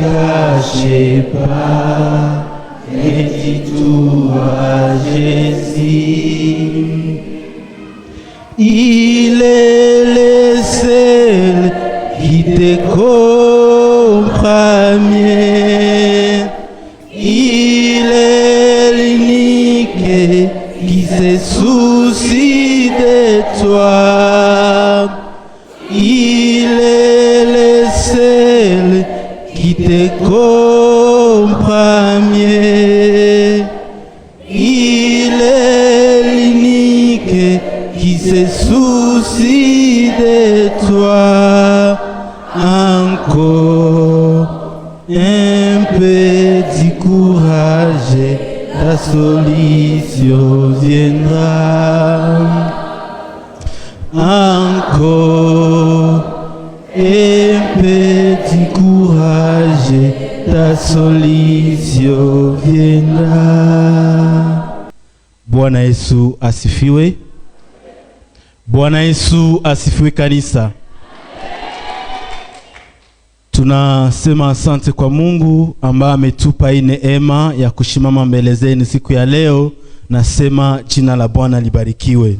Caché pas et dis-tout à Jésus. Il est le seul qui te comprend Il est l'unique qui se soucie de toi. comme Il est l'unique qui se soucie de toi encore un petit courage la ta solution viendra encore Et petit courage, ta solution viendra. Bwana Yesu asifiwe. Bwana Yesu asifiwe kanisa. Tunasema asante kwa Mungu ambaye ametupa hii neema ya kushimama mbele zenu siku ya leo. Nasema jina la Bwana libarikiwe.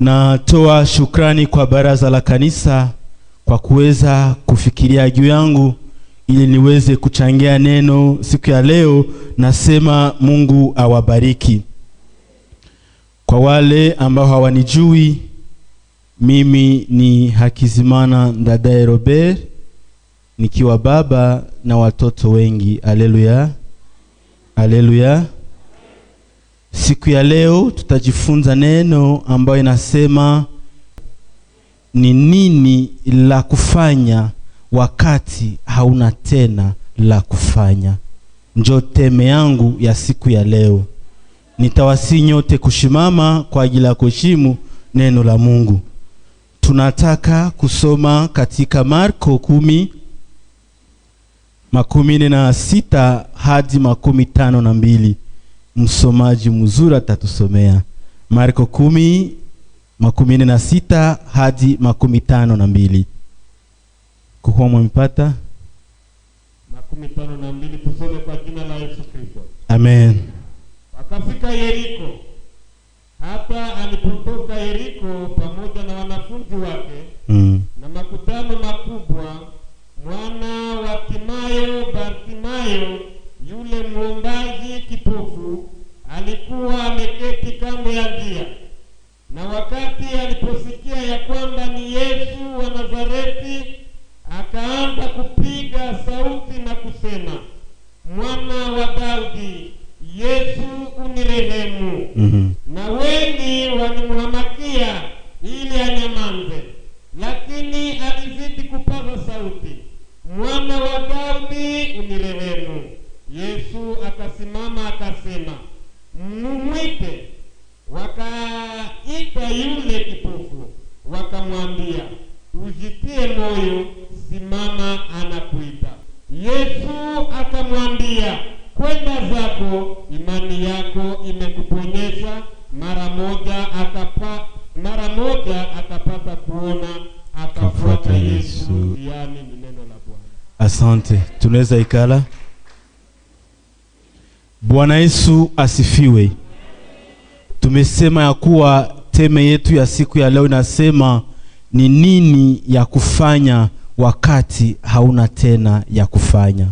Natoa shukrani kwa baraza la kanisa kwa kuweza kufikiria juu yangu ili niweze kuchangia neno siku ya leo. Nasema Mungu awabariki. Kwa wale ambao hawanijui, mimi ni Hakizimana Ndadaye Robert, nikiwa baba na watoto wengi. Aleluya, aleluya. Siku ya leo tutajifunza neno ambayo inasema ni nini la kufanya wakati hauna tena la kufanya. Njo teme yangu ya siku ya leo. Nitawasi nyote kushimama kwa ajili ya kuheshimu neno la Mungu. Tunataka kusoma katika Marko kumi makumi nne na sita hadi makumi tano na mbili. Msomaji mzuri atatusomea Marko kumi makumi nne na sita hadi makumi tano na mbili kukuwa mwamipata makumi tano na mbili tusome kwa jina la Yesu Kristo amen. Akafika Yeriko. Hapa alipotoka Yeriko pamoja na wanafunzi wake mm. na makutano makubwa, mwana wa Timayo Bartimayo, yule mwombaji kipofu, alikuwa ameketi kando ya njia na wakati aliposikia ya kwamba ni Yesu wa Nazareti, akaanza kupiga sauti na kusema, mwana wa Daudi, Yesu unirehemu. mm -hmm. Na wengi walimhamasisha Unaweza ikala. Bwana Yesu asifiwe. Tumesema ya kuwa teme yetu ya siku ya leo inasema ni nini ya kufanya wakati hauna tena ya kufanya.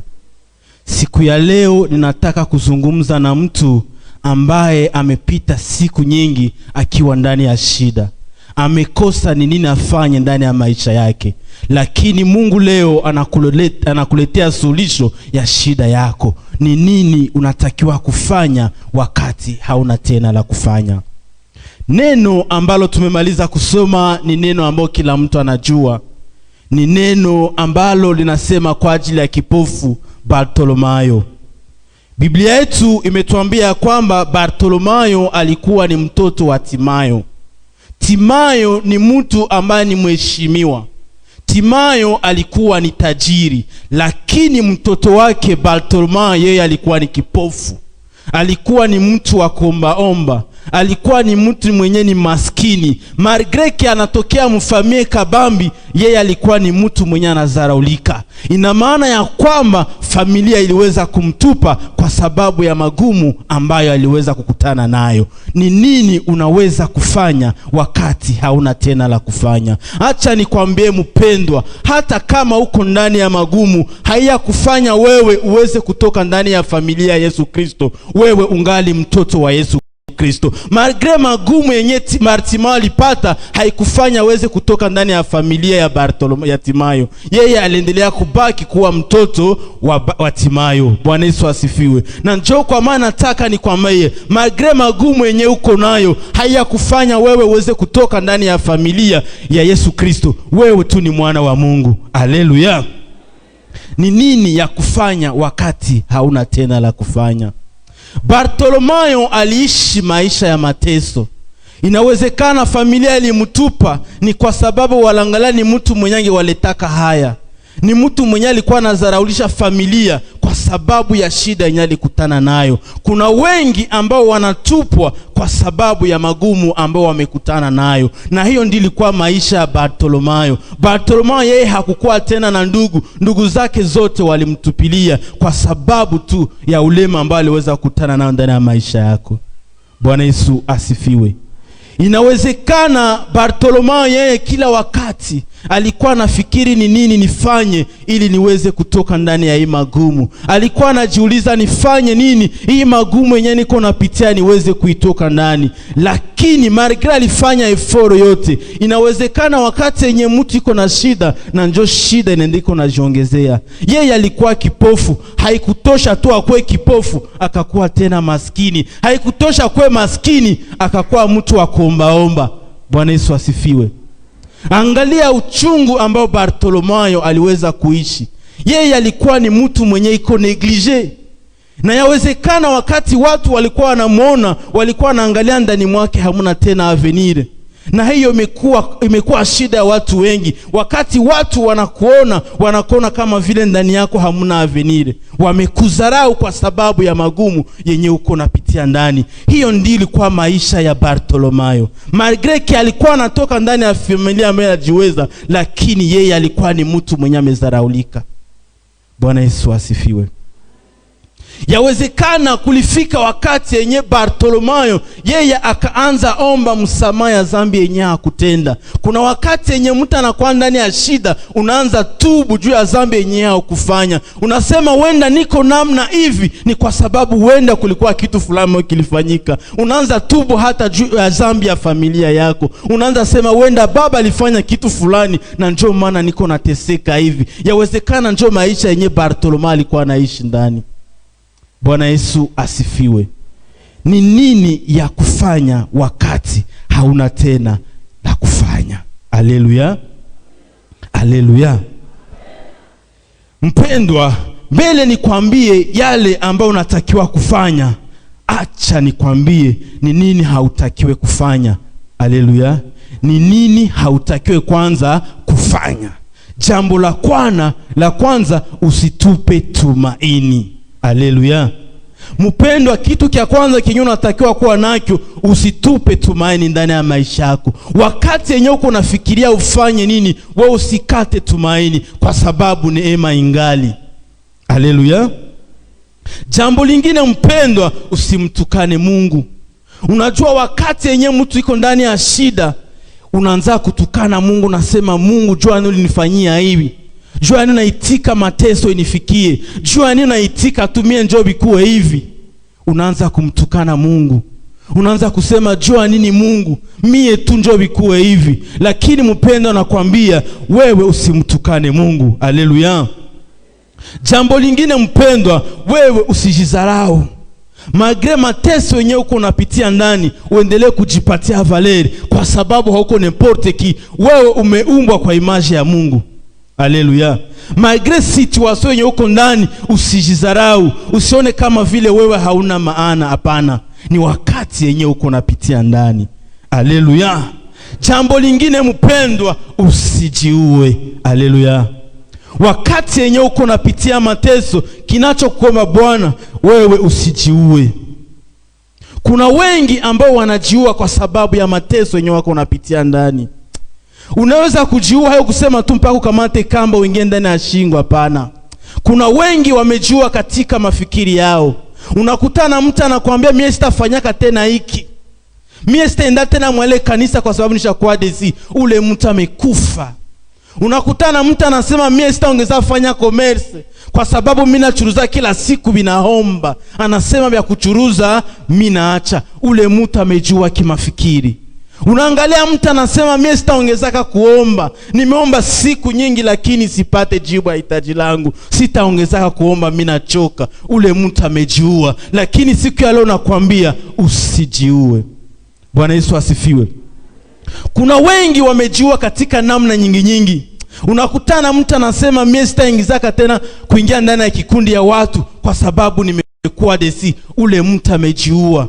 Siku ya leo ninataka kuzungumza na mtu ambaye amepita siku nyingi akiwa ndani ya shida, amekosa ni nini afanye ndani ya maisha yake lakini Mungu leo anakulete, anakuletea suluhisho ya shida yako. Ni nini unatakiwa kufanya wakati hauna tena la kufanya? Neno ambalo tumemaliza kusoma ni neno ambalo kila mtu anajua, ni neno ambalo linasema kwa ajili ya kipofu Bartolomayo. Biblia yetu imetuambia kwamba Bartolomayo alikuwa ni mtoto wa Timayo. Timayo ni mtu ambaye ni mheshimiwa Timayo alikuwa ni tajiri, lakini mtoto wake Bartolomeo yeye alikuwa ni kipofu, alikuwa ni mtu wa kuombaomba alikuwa ni mtu mwenye ni maskini, margreke anatokea mfamie kabambi, yeye alikuwa ni mtu mwenye anazaraulika. Ina maana ya kwamba familia iliweza kumtupa kwa sababu ya magumu ambayo aliweza kukutana nayo. Ni nini unaweza kufanya wakati hauna tena la kufanya? Acha nikwambie mpendwa, hata kama uko ndani ya magumu, haiyakufanya wewe uweze kutoka ndani ya familia ya Yesu Kristo. Wewe ungali mtoto wa Yesu. Kristo. Malgre magumu yenye Bartimayo alipata haikufanya aweze kutoka ndani ya familia ya Bartolomeo ya Timayo. Yeye aliendelea kubaki kuwa mtoto wa, wa Timayo. Bwana Yesu asifiwe. Na njo kwa maana nataka ni kwa meye, malgre magumu yenye uko nayo haiyakufanya wewe uweze kutoka ndani ya familia ya Yesu Kristo. Wewe tu ni mwana wa Mungu. aleluya Ni nini ya kufanya wakati hauna tena la kufanya? Bartolomayo aliishi maisha ya mateso. Inawezekana familia ilimtupa ni kwa sababu walangalani mtu mwenye waletaka haya, ni mtu mwenye alikuwa anazaraulisha familia kwa sababu ya shida yenye alikutana nayo. Kuna wengi ambao wanatupwa kwa sababu ya magumu ambao wamekutana nayo, na hiyo ndiyo ilikuwa maisha ya Bartolomayo. Bartolomayo yeye hakukuwa tena na ndugu, ndugu zake zote walimtupilia kwa sababu tu ya ulema ambao aliweza kukutana nayo ndani ya maisha yako. Bwana Yesu asifiwe. Inawezekana Bartolomayo yeye kila wakati Alikuwa anafikiri ni nini nifanye ili niweze kutoka ndani ya hii magumu. Alikuwa anajiuliza nifanye nini hii magumu yenyewe niko napitia niweze kuitoka ndani, lakini Margre alifanya eforo yote. Inawezekana wakati yenye mtu iko na shida na njo shida inaendiko najiongezea. Yeye alikuwa kipofu, haikutosha tu akuwe kipofu akakuwa tena maskini, haikutosha kuwe maskini akakuwa mtu wa kuombaomba. Bwana Yesu asifiwe. Angalia uchungu ambao Bartolomayo aliweza kuishi. Yeye alikuwa ni mtu mwenye iko neglige, na yawezekana wakati watu walikuwa wanamwona, walikuwa wanaangalia ndani mwake hamuna tena avenir na hiyo imekuwa imekuwa shida ya watu wengi. Wakati watu wanakuona wanakuona kama vile ndani yako hamuna avenire, wamekudharau kwa sababu ya magumu yenye uko napitia ndani. Hiyo ndio ilikuwa maisha ya Bartolomayo. Magreki alikuwa anatoka ndani ya familia ambayo anajiweza, lakini yeye alikuwa ni mtu mwenye amezaraulika. Bwana Yesu asifiwe. Yawezekana kulifika wakati yenye Bartolomayo yeye akaanza omba msamaha ya zambi yenye akutenda. Kuna wakati yenye mtu anakuwa ndani ya shida, unaanza tubu juu ya zambi yenye akufanya. Unasema wenda niko namna hivi ni kwa sababu wenda kulikuwa kitu fulani kilifanyika. Unaanza tubu hata juu ya zambi ya familia yako. Unaanza sema wenda baba alifanya kitu fulani na njoo maana niko nateseka hivi. Yawezekana njoo maisha yenye Bartolomayo alikuwa anaishi ndani. Bwana Yesu asifiwe. Ni nini ya kufanya wakati hauna tena la kufanya? Aleluya, aleluya. Mpendwa, mbele nikwambie yale ambayo unatakiwa kufanya, acha nikwambie ni nini hautakiwe kufanya. Aleluya, ni nini hautakiwe kwanza kufanya? Jambo la kwana la kwanza, usitupe tumaini aleluya Mpendwa, kitu cha kwanza kenye unatakiwa kuwa nacho, usitupe tumaini ndani ya maisha yako. Wakati yenye uko unafikiria ufanye nini, we usikate tumaini, kwa sababu neema ingali. aleluya Jambo lingine mpendwa, usimtukane Mungu. Unajua, wakati yenye mtu iko ndani ya shida, unaanza kutukana Mungu, nasema Mungu, jua ulinifanyia hivi juu ya nini naitika mateso inifikie, juu ya nini naitika tumie njobi kuwe hivi. Unaanza kumtukana Mungu, unaanza kusema juu ya nini Mungu, mie tu njobi kuwe hivi. Lakini mpendo, nakwambia wewe usimtukane Mungu. aleluya Jambo lingine mpendwa, wewe usijizarau magre mateso yenyewe uko unapitia ndani, uendelee kujipatia valeri, kwa sababu hauko n'importe ki. Wewe umeumbwa kwa imaji ya Mungu. Haleluya! Malgre situation yenye uko ndani, usijizarau, usione kama vile wewe hauna maana. Hapana, ni wakati yenye uko napitia ndani. Haleluya! Jambo lingine mpendwa, usijiue. Haleluya! wakati yenye uko napitia mateso, kinachokoma Bwana, wewe usijiue. Kuna wengi ambao wanajiua kwa sababu ya mateso yenye wako napitia ndani. Unaweza kujiua hayo kusema tu mpaka ukamate kamba uingie ndani ya shingo? Hapana. Kuna wengi wamejiua katika mafikiri yao. Unakutana mtu anakuambia mimi sitafanyaka tena hiki, mimi sitaenda tena mwale kanisa kwa sababu nishakuwa desi. Ule mtu amekufa. Unakutana mtu anasema mimi sitaongeza fanya commerce kwa sababu mimi nachuruza kila siku, binaomba anasema vya kuchuruza mimi naacha. Ule mtu amejua kimafikiri. Unaangalia mtu anasema mimi sitaongezeka kuomba, nimeomba siku nyingi, lakini sipate jibu ya hitaji langu, sitaongezeka kuomba, mimi nachoka. Ule mtu amejiua, lakini siku ya leo nakwambia usijiue. Bwana Yesu asifiwe. Kuna wengi wamejiua katika namna nyingi nyingi. Unakutana mtu anasema mimi sitaingizaka tena kuingia ndani ya kikundi ya watu kwa sababu nimekuwa desi. Ule mtu amejiua.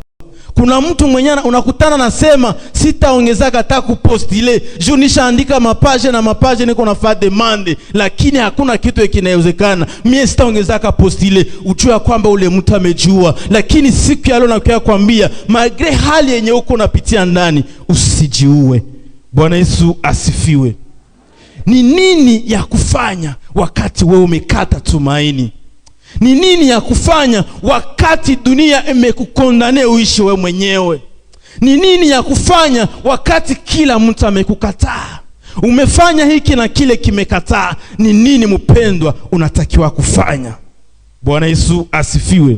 Kuna mtu mwenye unakutana nasema sitaongezaka hata kupostile juu nishaandika mapaje na mapaje, niko nafaa demande, lakini hakuna kitu kinawezekana. Mie sitaongezaka postile, ujua kwamba ule mtu amejua. Lakini siku ya leo nakuya kwambia magre, hali yenye uko unapitia ndani, usijiue. Bwana Yesu asifiwe. Ni nini ya kufanya wakati wewe umekata tumaini? Ni nini ya kufanya wakati dunia imekukondane uishi we mwenyewe? Ni nini ya kufanya wakati kila mtu amekukataa? Umefanya hiki na kile kimekataa. Ni nini mpendwa, unatakiwa kufanya? Bwana Yesu asifiwe.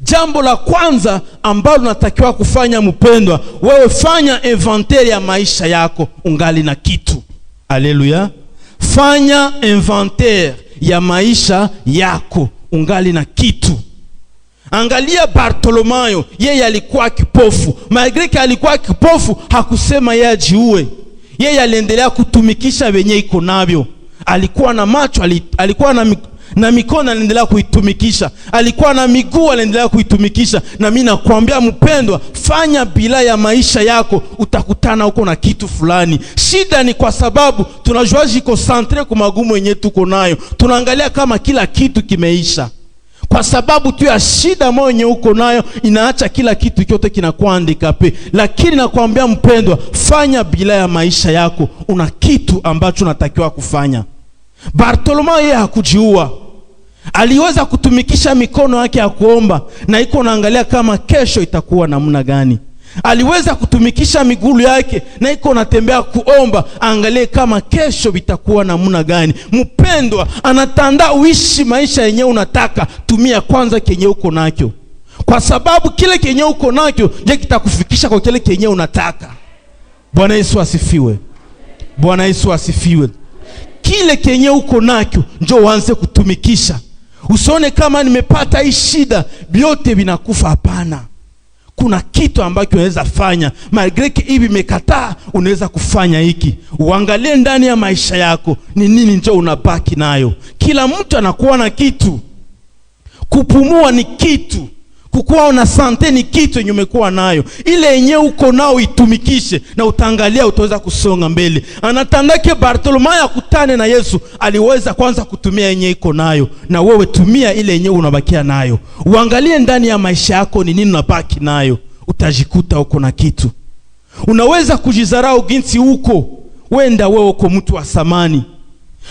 Jambo la kwanza ambalo unatakiwa kufanya mpendwa, wewe fanya inventaire ya maisha yako ungali na kitu. Aleluya, fanya inventaire ya maisha yako ungali na kitu. Angalia Bartolomayo, yeye alikuwa kipofu. Magreki alikuwa kipofu, hakusema yeye ajiue, yeye aliendelea kutumikisha wenye iko navyo. Alikuwa na macho, alikuwa na na mikono aliendelea kuitumikisha, alikuwa na miguu aliendelea kuitumikisha. Na mimi nakwambia mpendwa, fanya bila ya maisha yako, utakutana huko na kitu fulani. Shida ni kwa sababu tunajua jiko santre kwa magumu yenyewe tuko nayo, tunaangalia kama kila kitu kimeisha kwa sababu tu ya shida wenye uko nayo inaacha kila kitu chote kinakuandika pe. Lakini nakwambia mpendwa, fanya bila ya maisha yako, una kitu ambacho unatakiwa kufanya. Bartolomeo yeye hakujiua aliweza kutumikisha mikono yake ya kuomba na iko naangalia kama kesho itakuwa namna gani. Aliweza kutumikisha miguu yake na iko natembea kuomba, angalie kama kesho vitakuwa namna gani. Mpendwa, anatanda uishi maisha yenyewe unataka, tumia kwanza kenye uko nacho, kwa sababu kile kenye uko nacho ndiye kitakufikisha kwa kile kenye unataka. Bwana Yesu asifiwe! Bwana Yesu asifiwe! Kile kenye uko nacho njo uanze kutumikisha. Usione kama nimepata hii shida, vyote vinakufa. Hapana, kuna kitu ambacho unaweza fanya. Magreki hivi imekataa, unaweza kufanya hiki. Uangalie ndani ya maisha yako ni nini njo unabaki nayo. Kila mtu anakuwa na kitu. Kupumua ni kitu Kukuwa na sante ni kitu yenye umekuwa nayo, ile yenye uko nao itumikishe, na utaangalia utaweza kusonga mbele. Anatandake Bartolomayo akutane na Yesu, aliweza kwanza kutumia yenye iko nayo, na wewe tumia ile yenye unabakia nayo, uangalie ndani ya maisha yako ni nini unabaki nayo, utajikuta uko na kitu. Unaweza kujizarau ginsi uko wenda, wewe uko mtu wa samani.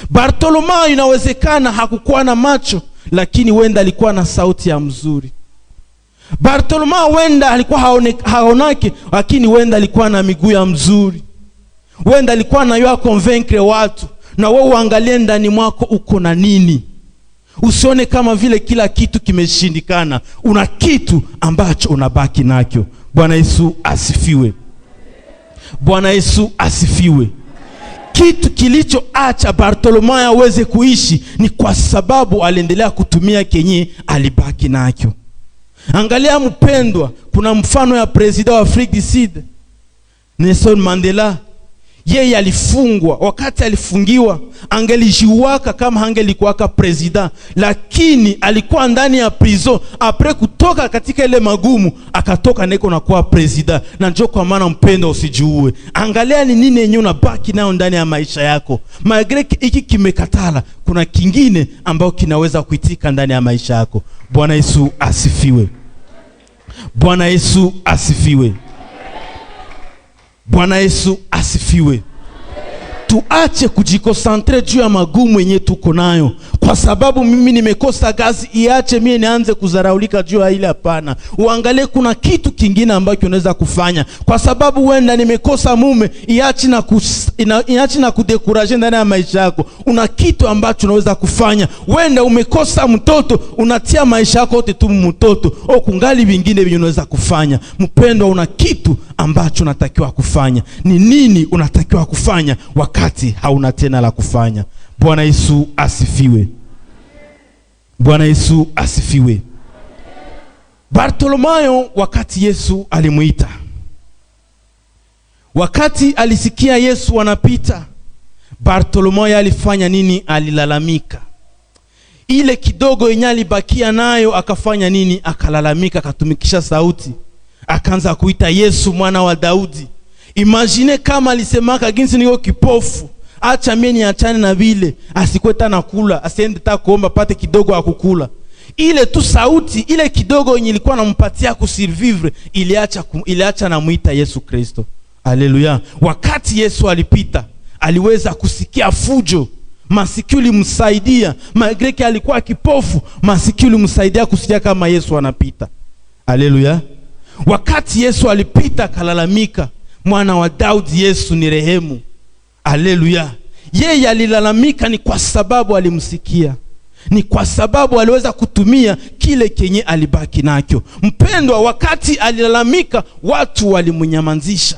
Bartolomayo inawezekana hakukuwa na macho, lakini wenda alikuwa na sauti ya mzuri bartoloma wenda alikuwa haonake haonaki, lakini wenda alikuwa na miguu ya mzuri, wenda alikuwa nayua konvenkre watu. Na wewe uangalie ndani mwako uko na nini, usione kama vile kila kitu kimeshindikana. Una kitu ambacho unabaki nakyo Bwana Yesu asifiwe! Bwana Yesu asifiwe! Kitu kilichoacha Bartolomayo aweze kuishi ni kwa sababu aliendelea kutumia kenye alibaki nacho. Angalia mpendwa, kuna mfano ya president wa Afrique du Sud Nelson Mandela yeye alifungwa. Wakati alifungiwa, angelijiwaka kama angelikuwaka president, lakini alikuwa ndani ya prison. apres kutoka katika ile magumu, akatoka neko na kuwa president. Na njoo kwa maana mpendo, usijuue, angalia ni nini yenyewe unabaki nayo ndani ya maisha yako. Magre iki kimekatala, kuna kingine ambao kinaweza kuitika ndani ya maisha yako. Bwana Yesu asifiwe! Bwana Yesu asifiwe! Bwana Yesu asifiwe. Tuache kujikosantre juu ya magumu yenye tuko nayo kwa sababu mimi nimekosa kazi, iache mie nianze kudharaulika juu ya ile? Hapana, uangalie kuna kitu kingine ambacho unaweza kufanya, kwa sababu wenda nimekosa mume, iache na kus, ina, iache na kudekuraje ndani ya maisha yako. Una kitu ambacho unaweza kufanya. wenda umekosa mtoto, unatia maisha yako yote tu mtoto, au kungali vingine vingi unaweza kufanya. Mpendwa, una kitu ambacho unatakiwa kufanya. Ni nini unatakiwa kufanya wakati hauna tena la kufanya? Bwana Yesu asifiwe. Bwana Yesu asifiwe. Bartolomayo wakati Yesu alimuita, wakati alisikia Yesu anapita, Bartolomayo alifanya nini? Alilalamika ile kidogo yenye alibakia nayo, akafanya nini? Akalalamika, akatumikisha sauti, akaanza kuita Yesu mwana wa Daudi. Imagine kama alisemaka, ginsi niko kipofu acha mimi niachane na vile, asikwe tena kula, asiende ta kuomba pate kidogo kukula. Ile tu sauti ile kidogo yenye ilikuwa nampatia survive iliacha iliacha namuita Yesu Kristo. Haleluya! Wakati Yesu alipita, aliweza kusikia fujo masikio limsaidia, Magreki alikuwa kipofu, masikio limsaidia kusikia kama Yesu anapita. Haleluya! Wakati Yesu alipita, kalalamika, mwana wa Daudi, Yesu ni rehemu aleluya Yeye alilalamika ni kwa sababu alimsikia, ni kwa sababu aliweza kutumia kile kenye alibaki nacho. Mpendwa, wakati alilalamika watu walimnyamazisha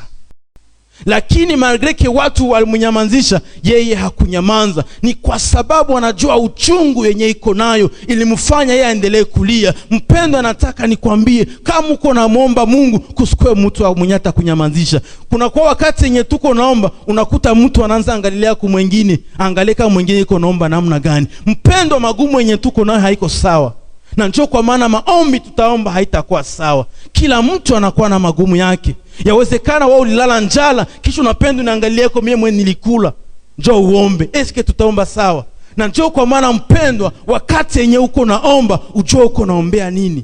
lakini magreke watu walimnyamazisha, yeye hakunyamanza. Ni kwa sababu anajua uchungu yenye iko nayo ilimfanya yeye aendelee kulia. Mpendo, anataka nikwambie, kama uko namwomba Mungu, kusukue mtu amwenyata kunyamazisha. Kuna kwa wakati yenye tuko naomba, unakuta mtu anaanza angalilia mwengine angalie kama mwengine iko naomba namna gani. Mpendo, magumu yenye tuko nayo haiko sawa na njoo kwa maana maombi tutaomba haitakuwa sawa. Kila mtu anakuwa na magumu yake. Yawezekana wewe ulilala njala, kisha unapenda unaangalia yako, mimi mwenye nilikula. Njoo uombe, eske tutaomba sawa? Na njoo kwa maana mpendwa, wakati yenye uko naomba ujue uko naombea nini.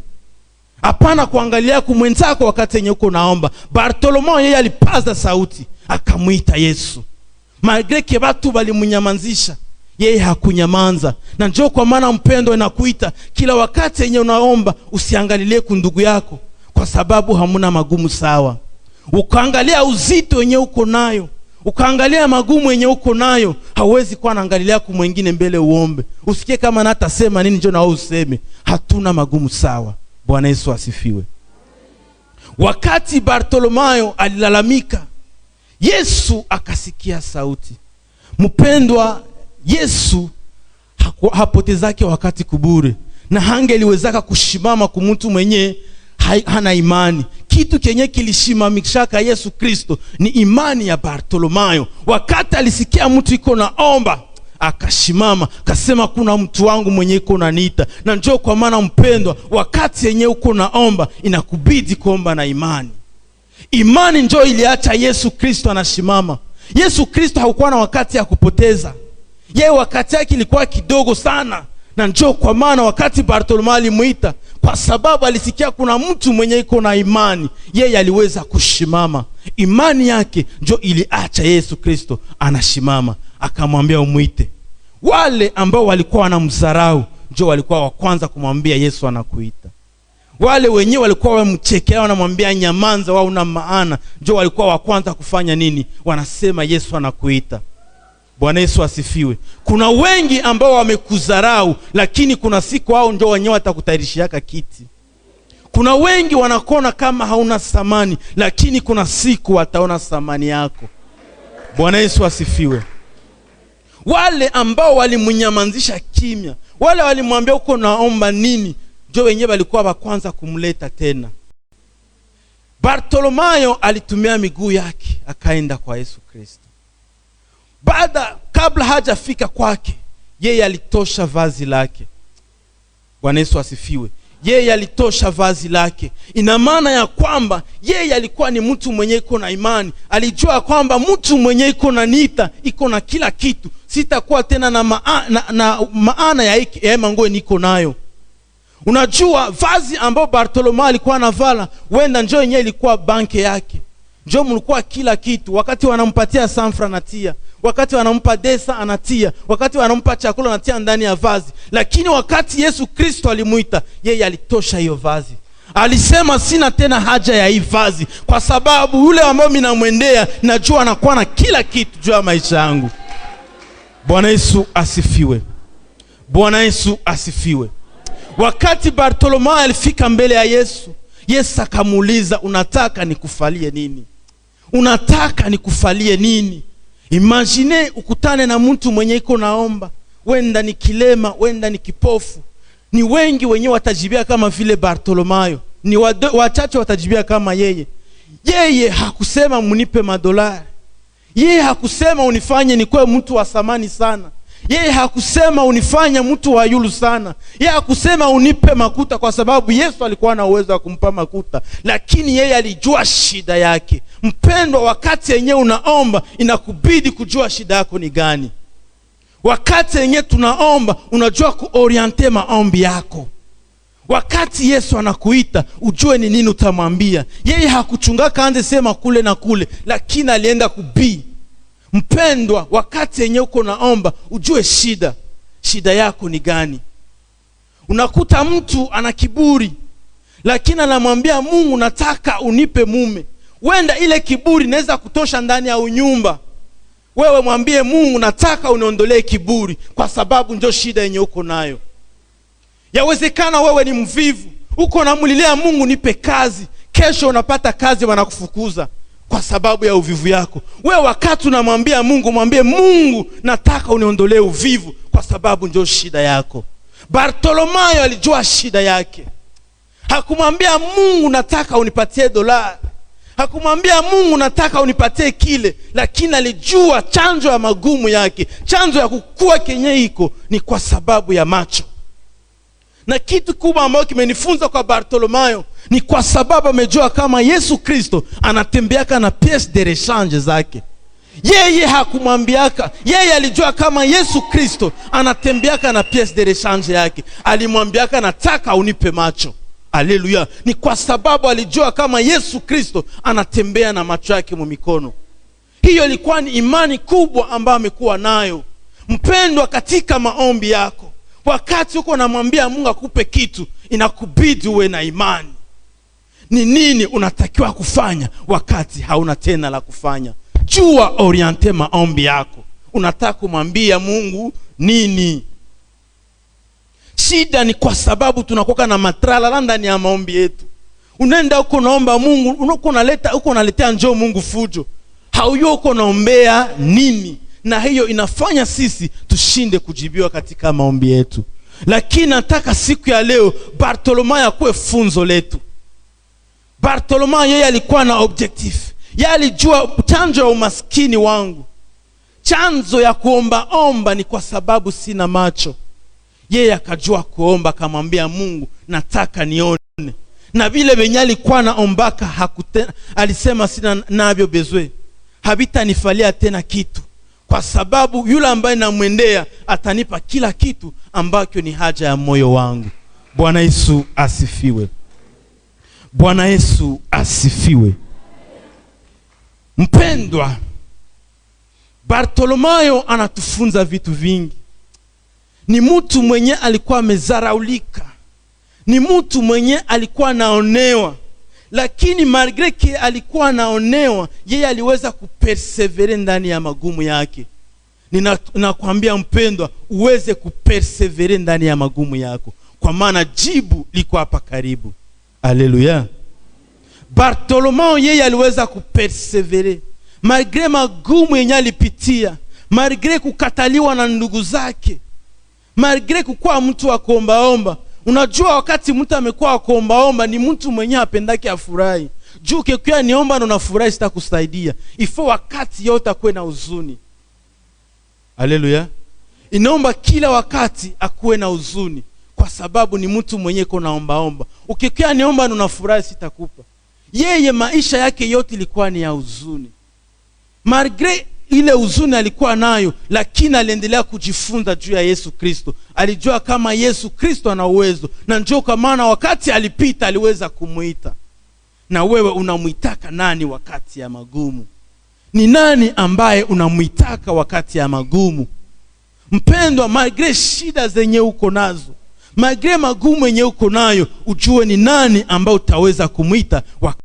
Hapana kuangalia kumwenzako wakati yenye uko naomba. Bartolomeo yeye alipaza sauti akamwita Yesu malgreke watu walimunyamanzisha yeye hakunyamanza na njoo, kwa maana mpendwa, inakuita kila wakati yenye unaomba, usiangalilie kundugu yako, kwa sababu hamuna magumu sawa. Ukaangalia uzito wenye uko nayo, ukaangalia magumu yenye uko nayo, hauwezi kuwa naangalia ku mwingine mbele uombe, usikie kama natasema nini, njoo na wewe useme hatuna magumu sawa. Bwana Yesu asifiwe. Wakati Bartolomayo alilalamika, Yesu akasikia sauti. Mpendwa Yesu hapotezake wakati kubure, na liwezaka kushimama kumtu mwenye hana imani. Kitu kenye kilishimamishaka Yesu Kristo ni imani ya Bartolomayo. Wakati alisikia mtu iko naomba akashimama kasema, kuna mtu wangu mwenye iko naniita. Na njoo kwa maana mpendwa, wakati yenye uko naomba inakubidi kuomba na imani. Imani njoo iliacha Yesu Kristo anashimama. Yesu Kristo haukuwa na wakati ya kupoteza yeye wakati yake ilikuwa kidogo sana, na njo kwa maana wakati Bartolomeo alimuita, kwa sababu alisikia kuna mtu mwenye iko na imani, yeye aliweza kushimama. Imani yake njo iliacha Yesu Kristo anashimama, akamwambia umwite. Wale ambao walikuwa wanamdharau njo walikuwa wa kwanza kumwambia Yesu anakuita. Wale wenyewe walikuwa wamchekea, wanamwambia nyamanza, wao una maana, njo walikuwa wa kwanza kufanya nini? Wanasema Yesu anakuita. Bwana Yesu asifiwe. Kuna wengi ambao wamekudharau, lakini kuna siku hao ndio wenyewe watakutayarishiaka kiti. Kuna wengi wanakona kama hauna thamani, lakini kuna siku wataona thamani yako. Bwana Yesu asifiwe. Wale ambao walimnyamazisha kimya, wale walimwambia uko naomba nini, ndio wenyewe walikuwa wa kwanza kumleta tena. Bartolomayo alitumia miguu yake akaenda kwa Yesu Kristo baada kabla hajafika kwake, yeye alitosha vazi lake. Bwana Yesu asifiwe. Yeye alitosha vazi lake, ina maana ya kwamba yeye alikuwa ni mtu mwenye iko na imani. Alijua kwamba mtu mwenye iko na nita iko na kila kitu, sitakuwa tena na maa, na, na maana ya yaemangoe niko nayo. Unajua vazi ambayo Bartolomeo alikuwa anavala, wenda njo yenyewe ilikuwa banke yake, njo mlikuwa kila kitu. Wakati wanampatia sanfra na tia Wakati wanampa desa anatia, wakati wanampa chakula anatia ndani ya vazi. Lakini wakati Yesu Kristo alimuita, yeye alitosha hiyo vazi. Alisema sina tena haja ya hii vazi, kwa sababu yule ambaye minamwendea najua anakuwa na kila kitu juu ya maisha yangu. Bwana Yesu asifiwe. Bwana Yesu asifiwe. Wakati Bartolomeo alifika mbele ya Yesu, Yesu akamuuliza, unataka nikufalie nini? Unataka nikufalie nini? Imagine ukutane na mtu mwenye iko naomba, wenda ni kilema, wenda ni kipofu. Ni wengi wenye watajibia kama vile Bartolomayo, ni wachache watajibia kama yeye. Yeye hakusema munipe madolari, yeye hakusema unifanye nikuwe mtu wa thamani sana. Yeye hakusema unifanya mtu wa yulu sana, yeye hakusema unipe makuta, kwa sababu Yesu alikuwa na uwezo wa kumpa makuta, lakini yeye alijua shida yake. Mpendwa, wakati yenyewe unaomba inakubidi kujua shida yako ni gani. Wakati yenyewe tunaomba unajua kuoriente maombi yako. Wakati Yesu anakuita ujue ni nini utamwambia. Yeye hakuchungaka anze sema kule na kule, lakini alienda kubii Mpendwa, wakati yenye uko naomba, ujue shida shida yako ni gani. Unakuta mtu ana kiburi, lakini anamwambia Mungu, nataka unipe mume. Wenda ile kiburi inaweza kutosha ndani ya unyumba. Wewe mwambie Mungu, nataka uniondolee kiburi, kwa sababu ndio shida yenye uko nayo. Yawezekana wewe ni mvivu, uko namulilia Mungu, nipe kazi. Kesho unapata kazi, wanakufukuza kwa sababu ya uvivu yako. We wakati unamwambia Mungu, mwambie Mungu, nataka uniondolee uvivu, kwa sababu ndio shida yako. Bartolomayo alijua shida yake, hakumwambia Mungu, nataka unipatie dolari, hakumwambia Mungu, nataka unipatie kile, lakini alijua chanzo ya magumu yake, chanzo ya kukua kenye iko ni kwa sababu ya macho na kitu kubwa ambayo kimenifunza kwa Bartolomayo ni kwa sababu amejua kama Yesu Kristo anatembeaka na pièce de rechange zake. Yeye hakumwambiaka, yeye alijua kama Yesu Kristo anatembeaka na pièce de rechange yake. Alimwambiaka, nataka unipe macho. Aleluya! Ni kwa sababu alijua kama Yesu Kristo anatembea na macho yake mikono. Hiyo ilikuwa ni imani kubwa ambayo amekuwa nayo. Mpendwa, katika maombi yako wakati huko unamwambia Mungu akupe kitu, inakubidi uwe na imani. Ni nini unatakiwa kufanya wakati hauna tena la kufanya? Jua oriente maombi yako, unataka kumwambia Mungu nini? Shida ni kwa sababu tunakoka na matralala ndani ya maombi yetu. Unaenda huko naomba Mungu, uko unaleta huko unaletea njoo Mungu fujo, hauyo huko naombea nini na hiyo inafanya sisi tushinde kujibiwa katika maombi yetu. Lakini nataka siku ya leo Bartolomayo akuwe funzo letu. Bartolomayo yeye alikuwa na objective, yeye alijua chanzo ya umaskini wangu, chanzo ya kuombaomba ni kwa sababu sina macho. Yeye akajua kuomba, akamwambia Mungu, nataka nione na vile venye alikuwa naombaka, ombaka alisema sina navyo bezwe, havitanifalia tena kitu kwa sababu yule ambaye namwendea atanipa kila kitu ambacho ni haja ya moyo wangu. Bwana Yesu asifiwe. Bwana Yesu asifiwe. Mpendwa, Bartolomayo anatufunza vitu vingi. Ni mtu mwenye alikuwa amezaraulika, ni mtu mwenye alikuwa anaonewa, lakini malgre ke alikuwa anaonewa, yeye aliweza kupersevere ndani ya magumu yake. Ninakwambia mpendwa, uweze kupersevere ndani ya magumu yako, kwa maana jibu liko hapa karibu. Aleluya! Bartolomeo yeye aliweza kupersevere malgre magumu yenye alipitia, malgre kukataliwa na ndugu zake, malgre kukuwa mtu wa kuombaomba Unajua, wakati mtu amekuwa wakuombaomba ni mtu mwenyewe apendake afurahi juu ukikuya niomba na unafurahi, sitakusaidia ifo wakati yote akuwe na huzuni. Haleluya! inaomba kila wakati akuwe na huzuni, kwa sababu ni mtu mwenyewe konaombaomba naombaomba. Ukikuya niomba na unafurahi, sitakupa yeye. Maisha yake yote ilikuwa ni ya huzuni, malgre ile huzuni alikuwa nayo, lakini aliendelea kujifunza juu ya Yesu Kristo. Alijua kama Yesu Kristo ana uwezo, na ndio kwa maana wakati alipita aliweza kumwita. Na wewe unamwitaka nani wakati ya magumu? Ni nani ambaye unamwitaka wakati ya magumu? Mpendwa, Magre shida zenye uko nazo, magre magumu yenye uko nayo, ujue ni nani ambaye utaweza kumwita wakati